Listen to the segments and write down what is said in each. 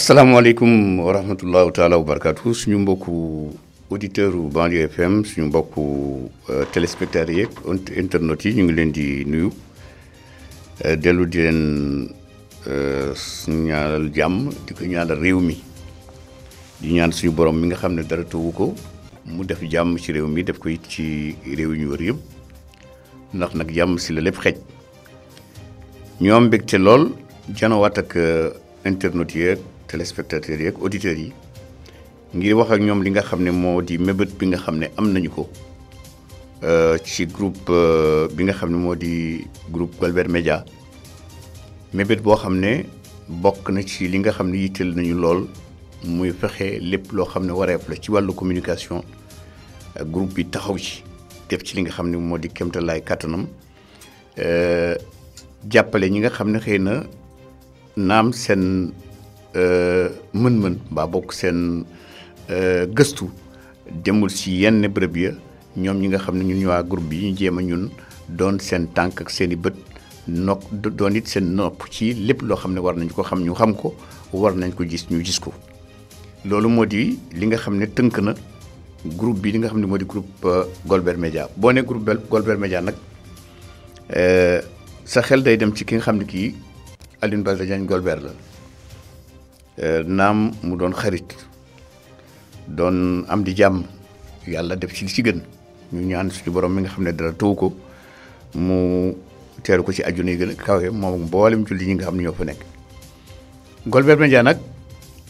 asalaamaaleykum wa rahmatullaahi taala wa barakaatu suñu mbokku auditeurs u Banlieue FM suñu mbokku euh, téléspectateurs yeeg internautes yi ñu ngi leen di nuyu euh, dellu di leen euh, ñaanal jàmm di ko ñaanal réew mi di ñaan suñu borom mi nga xam ne dara tëwu ko mu def jàmm ci réew mi def ko it ci réew yi ñu wër yëpp ndax nag jàmm si la lépp xej ñoo am mbégte lool janawaat ak internet yeeg. téléspectateurs yi ak auditeurs yi ngir wax ak ñoom li nga xam ne moo di mébét bi nga xam ne am nañu ko euh, ci groupe euh, bi nga xam ne moo di groupe Golbert Média mébét boo xam ne bokk na ci li nga xam ne yitteel nañu lool muy fexe lépp loo xam ne wareef la ci wàllu communication groupe bi taxaw ci def ci li nga xam ne moo di kéemtalaay kàttanam euh, jàppale ñi nga xam ne xëy na naam seen. Euh, mën-mën mbaa bokk seen euh, gëstu demul si yenn bërëb ya ñoom ñi nga xam ne ñu ñëwaa groupe bi ñu jéem a ñun doon seen tànk ak seen i bët nopp doon it seen nopp ci lépp loo xam ne war nañ ko xam ñu xam ko war nañ ko gis ñu gis ko loolu moo di li nga xam ne tënk na groupe bi li nga xam ne moo di groupe euh, Golbert Média boo ne groupe Golbert Média nag sa xel day dem ci ki nga xam ne kii Alioune Baldé Diagne Golbert la Euh, naam mu doon xarit doon am di jàmm yàlla def ci li ci gën ñu ñaan suñu borom mi nga xam ne dara tëw ko mu teeru ko ci àjjana yi gën a kawe moom mboolem julli ñi nga xam ne ñoo fa nekk. Golbert Media nag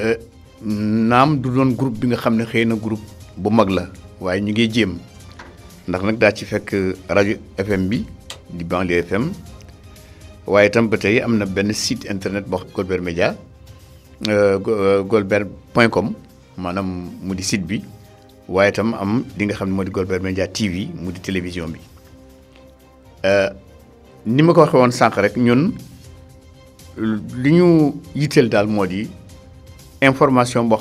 euh, naam du doon group bi nga xam ne xëy na groupe bu mag la waaye ñu ngi jéem ndax nag daal ci fekk rajo FM bi di Banlieue FM waaye tam ba tey am na benn site internet boo xam Golbert Media. Euh, euh, golbert point com site bi waaye itam am li nga xam golbert media tv mu télévision bi euh, ni ma ko rek ñun information pour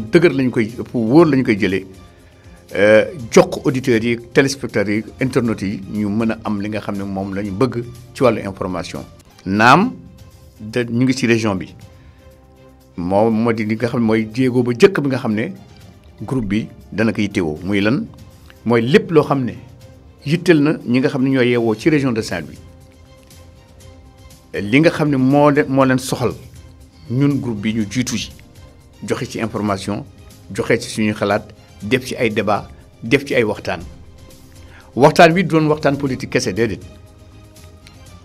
dëgër lañ koy pour auditeurs yi téléspectateurs yi internautes yi ñu information. naam de ñu ngi ci région bi moo moo di li nga xam ne mooy jéego ba jëkk bi nga xam ne groupe bi dana ko yittewoo muy lan mooy lépp loo xam ne yitteel na ñi nga xam ne ñoo yeewoo ci région de saint bi li nga xam ne moo leen soxal ñun groupe bi ñu jiitu ci joxe ci information joxe ci suñu xalaat def ci ay débat def ci ay waxtaan waxtaan wi doon waxtaan politique kese déedéet.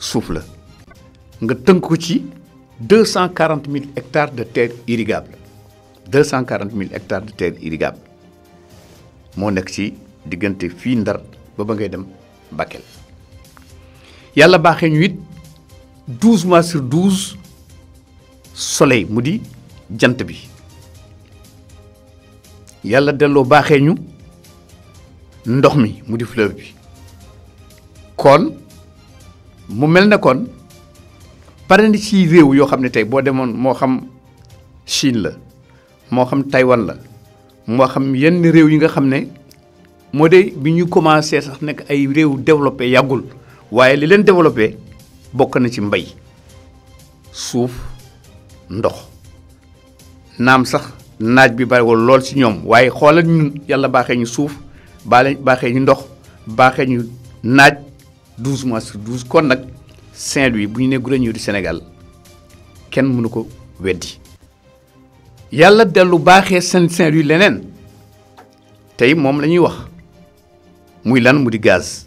souffle. Nga avons 240 000 hectares de terres irrigables. 240 000 hectares de terres irrigables. Mon nekk ci y a ndar ba ba Bakel. y a 12 mois sur 12 soleil Mudi. bi. la bi mu kon pare ci réew yoo xam Chine la xam taiwan la moo xam yenn réew yi nga commencé sax ay développé li développé bokk na ci mbay suuf ndox naam sax naaj bi wol lool ci ñoom waaye xoolal ñun ñu 12 mois sur 12 kon nag Saint-Louis bu du Sénégal kenn mënu ko weddi Yalla Saint-Louis leneen Tay mom lañuy wax muy lan gaz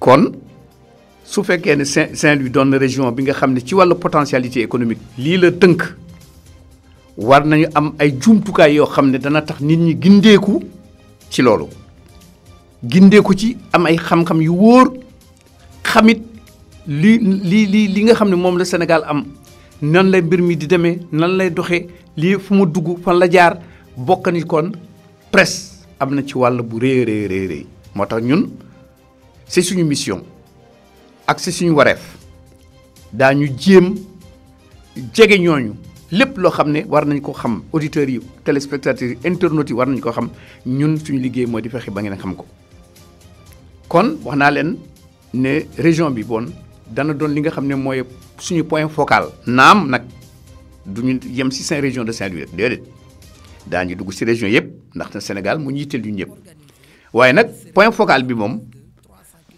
kon su Saint-Louis dans la région bi nga potentialité économique li la war nañu am ay dana tax nit gindee ko ci am ay xam-xam yu wóor xamit li li li li nga xam ne moom la senegal am nan lay mbir mi di demee nan lay doxee lii fu mu dugg fan la jaar bokkanikoon ni am na ci wàll bu rëy rëy rëy moo tax ñun si suñu mission ak c'est suñu wareef daañu jéem jege ñooñu lépp loo xam ne war nañu ko xam auditeurs yi téléspectateurs yi internautes yi war nañ ko xam ñun suñu liggéey mooy di fexe ba ngeen xam ko kon wax naa leen ne région bi bon dana doon li nga xam ne suñu point focal. naam nag du yem si régions de Saint-Louis déedéet daañu dugg si région ndax ndaxte Sénégal mu ñiiteel des ñëpp waaye nag point focal bi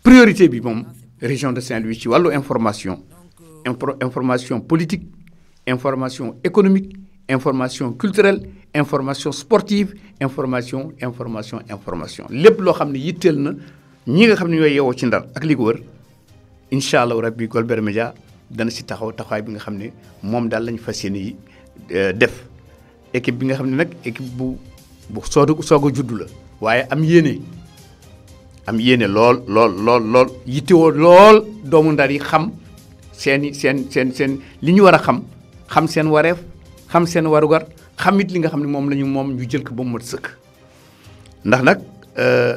priorité bi la région de Saint-Louis ci l'information.. information information politique information économique information culturelle information sportive information information information lépp loo xam ne na. ñi nga xam ne ñooy yeewoo ci ndar ak li ko wër incha allahu rabbi Golbert Média dana si taxaw taxawaay bi nga xam ne moom daal lañu fa yéene yi euh, def équipe bi nga xam ne nag équipe bu bu soog soog a juddu la waaye am yéene am yéene lool lool lool lool yittewoo lool doomu ndar yi xam seeni seen seen seen li ñu war a xam xam seen wareef xam seen warugar xam it li nga xam ne moom la ñu moom ñu jël ko ba mu mat sëkk ndax nag euh,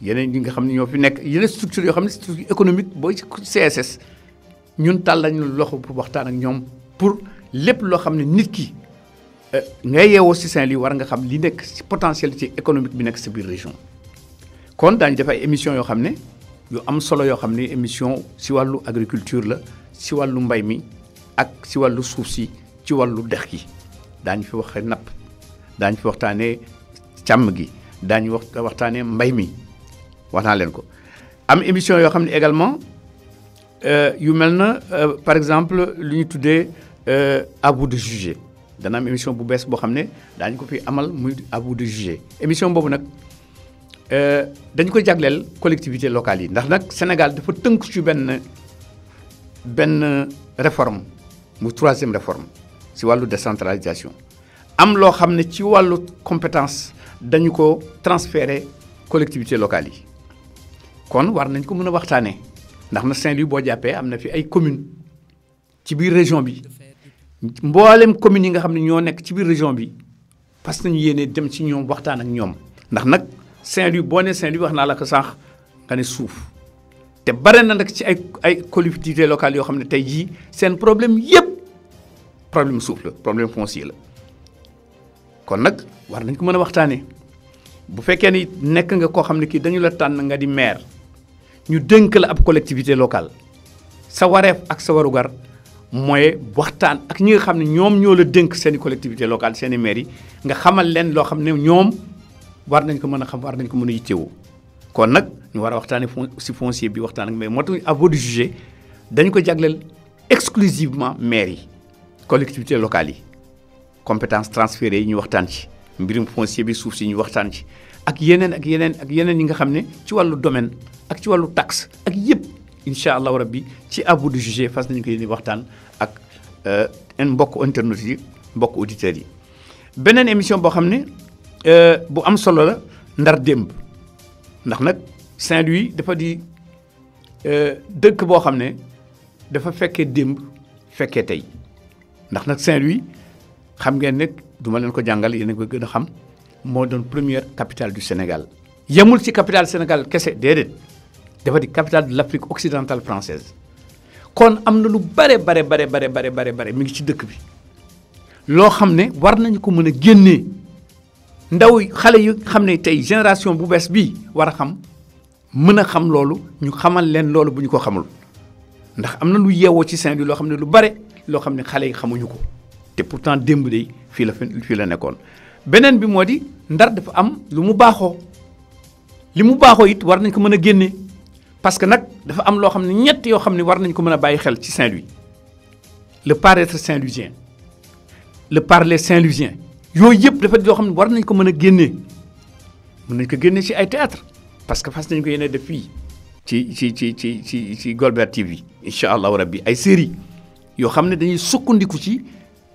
yeneen yi nga xam ne ñoo fi nekk yeneen structure yoo xam ne structure économique booy CSS ñun tàll lañu loxo pour waxtaan ak ñoom pour lépp loo xam ne nit ki euh, nga yeewoo ci saint war nga xam li nekk ci potentialité économique bi nekk sa biir région. kon daañu def ay émissions yoo xam ne yu am solo yoo xam ne émission ci wàllu agriculture la ci wàllu mbay mi ak ci wàllu suuf si ci wàllu dex gi daañu fi waxee napp daañu fi waxtaanee càmm gi daañu wax waxtaanee mbay mi wax naa leen ko am émission yoo xam ne également euh, yu mel na euh, par exemple lu ñu tuddee euh, à bout de juger dana am émission bu bees boo xam ne daañu ko fi amal muy à bout de juger émission boobu nag dañ ko jagleel collectivité locale yi ndax nag Sénégal dafa tënk ci benn benn réforme mu troisième réforme si wàllu décentralisation am loo xam ne ci wàllu compétence dañu ko transféré collectivité locale yi kon war nañ ko mën a waxtaanee ndax na saint louis boo jàppee am na fi ay commune ci biir région bi mboolem commune yi nga xam ne ñoo nekk ci biir région bi parce que ñu yéene dem ci ñoom waxtaan ak ñoom ndax nag saint louis boo ne saint louis wax naa la ko sax nga ne suuf te bare na nag ci ay ay collectivité locale yoo xam ne tey jii seen problème yépp problème suuf la problème foncier la kon nag war nañ ko mën a waxtaanee bu fekkee ni nekk nga koo xam ne kii dañu la tànn nga di maire ñu dénk la ab collectivité locale sa wareef ak sa warugar mooy waxtaan ak ñi nga xam ne ñoom ñoo la dénk seen collectivité locale seen maire yi nga xamal leen loo xam ne ñoom war nañ ko mën a xam war nañ ko mën a yittewoo kon nag ñu war a waxtaanee si foncier bi waxtaan ak mais moo tax à de juger dañ ko jagleel exclusivement maire yi collectivité locale yi compétence transférée yi ñu waxtaan ci mbirum foncier bi suuf si ñu waxtaan ci ak yeneen ak yeneen ak yeneen yi nga xam ne ci wàllu domaine ak ci wàllu taxe ak yëpp incha allahu rabbi ci à vous de juger fas nañu ko yéene waxtaan ak euh, mbokk internet yi mbokk auditeurs yi. beneen émission boo xam ne euh, bu am solo la ndar démb ndax nag Saint-Louis dafa di euh, dëkk boo xam ne dafa fekkee démb fekkee tey ndax nag Saint-Louis xam ngeen ne duma leen ko jàngal yéen a ko gën a xam moo première capitale du Sénégal yemul ci capitale Sénégal kese déedéet capitale de l'Afrique occidentale française kon am na lu bare bare bare bare bare bare bare mi ngi ci dëkk bi loo xam war nañ ko mën a ndaw xale yu ne génération bu bees a xam mën xam loolu ñu xamal loolu bu ñu ko xamul ndax lu ci lu ko pourtant démb de fii la beneen bi moo di ndar dafa am lu mu baaxoo li it war a parce que nag dafa am ne ñett yoo war nañ ko Saint-Louis le paraître saint-louisien le parler saint-louisien yooyu yëpp dafa yoo xam war nañ ko mën a génne ko théâtre parce que fas nañ ko yéene def fii ci ci ci ci TV incha allahu ay série yoo xam dañuy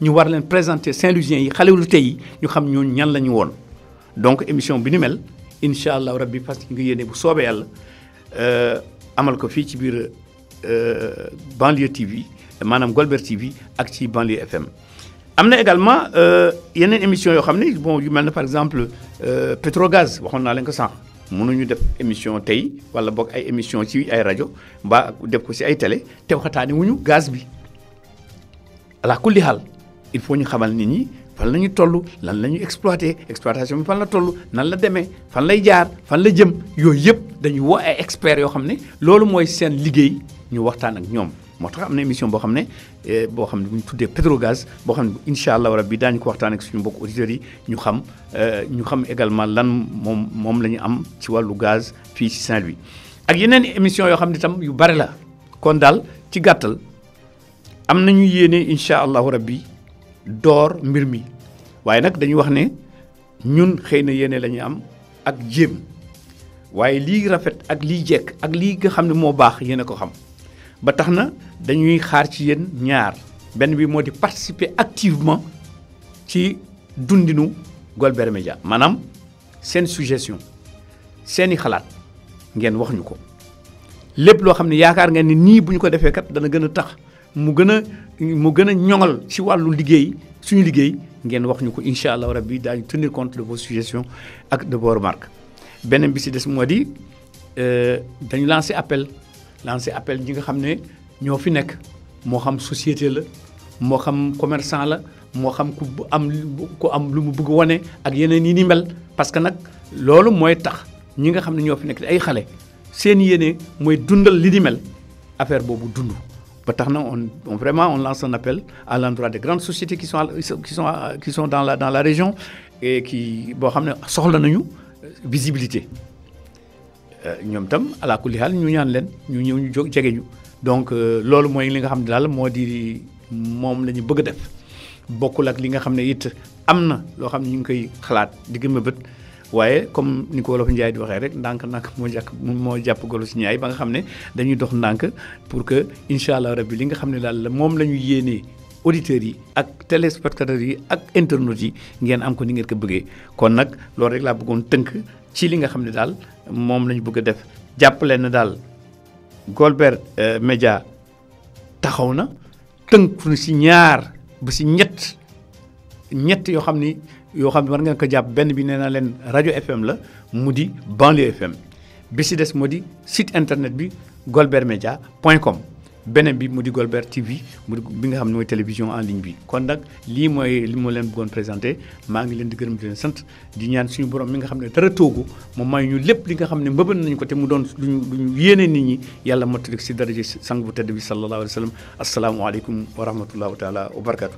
ñu war leen présenter saint lucien yi xale wu tey yi ñu xam ñooñu ñan la ñu woon donc émission bi ni mel incha allah rabbi parce que nga yéene bu soobee yàlla euh, amal ko fii ci biir euh, banlieue TV maanaam Golbert TV ak ci banlieue FM. am na également euh, yeneen émission yoo xam ne bon yu mel ne par exemple Petrogaz waxoon naa leen ko sànq mënuñu def émission tey wala boog ay émission ci ay rajo mbaa def ko si ay télé te waxataane wuñu gaz bi ala kulli hal il faut ñu xamal nit ñi fan la ñu lan la ñu exploitation bi fan la toll nan la demee fan lay jaar fan la jëm yooyu yëpp dañu woo ay experts yoo loolu mooy seen liggéey ñu waxtaan ak ñoom. moo tax émission boo xam ne eh, boo xam ne pétrogaz boo xam ne incha ko waxtaan ak suñu eh, également lan la am ci gaz fii ci Saint-Louis ak yeneen émission yoo xam ne yu nous la kon daal ci gàttal door mbir mi waaye nag dañuy wax ne ñun xëy na yéene la am ak jéem waaye lii rafet ak lii jekk ak lii nga xam ne moo baax yéen ko xam ba tax na dañuy xaar ci yéen ñaar benn bi moo di participer activement ci dundinu Golbert Média maanaam seen suggestion seeni xalaat ngeen wax ñu ko lépp loo xam ne yaakaar ngeen ni nii bu ñu ko defee kat dana gën a tax mu gën a mu gën a ñoŋal ci wàllu liggéey suñu liggéey ngeen wax ñu ko incha allah rabbi daañu tenir compte de vos suggestions ak de vos remarques beneen bi ci des moo di euh, dañu lancer appel lancer appel ñi nga xam ne ñoo fi nekk moo xam société la moo xam commerçant la moo xam ku am ku am lu mu bëgg wane ak yeneen yi ni mel parce que nag loolu mooy tax ñi nga xam ne ñoo fi nekk ay xale seen yéene mooy dundal li di mel affaire boobu dund. Bah, on, on, vraiment, on lance un appel à l'endroit des grandes sociétés qui sont, qui sont, qui sont, dans, la, dans la région et qui boo xam ne soxla nañu euh, visibilité euh, ñoom tam ala kulli xaal ñu ñaan leen ñu ñëw ñu jóg jege ñu donc euh, loolu mooy li nga xam ne daal moo di moom la ñu bëgg a def bokkul ak li nga xam ne it am na loo xam ne ñu ngi koy xalaat di gëm waaye comme ni ko wolof Njaay di waxee rek ndànk ndànk moo jàpp moo jàpp golo si ñaay ba nga xam ne dañuy dox ndànk pour que incha allah rabbi li nga xam ne daal moom la ñu yéenee auditeurs yi ak téléspectateurs yi ak internautes yi ngeen am ko ni ngeen ko bëggee kon nag loolu rek laa bëggoon tënk ci li nga xam ne daal moom lañu bëgg a def jàppale na daal Golbert euh, Média taxaw na tënk na si ñaar ba si ñett ñett yoo xam ni. yoo xam ne war ngeen ko jàpp benn bi nee rajo FM la mu di banlieue FM bi si des moo di site internet bi golbert media point com beneen bi mu di golbert TV bi nga xam ne mooy télévision en ligne bi. kon nag lii mooy li ma leen bëggoon présenté maa ngi leen di gërëm di sant di ñaan suñu borom mi nga xam ne dara toogu mu may ñu lépp li nga xam ne mbëbën nañu ko te mu doon luñu luñu yéene nit ñi yàlla mottali si daraja sang bu tedd bi sallallahu alayhi wa sallam asalaamualeykum wa rahmatullahi taala wa barakaatu.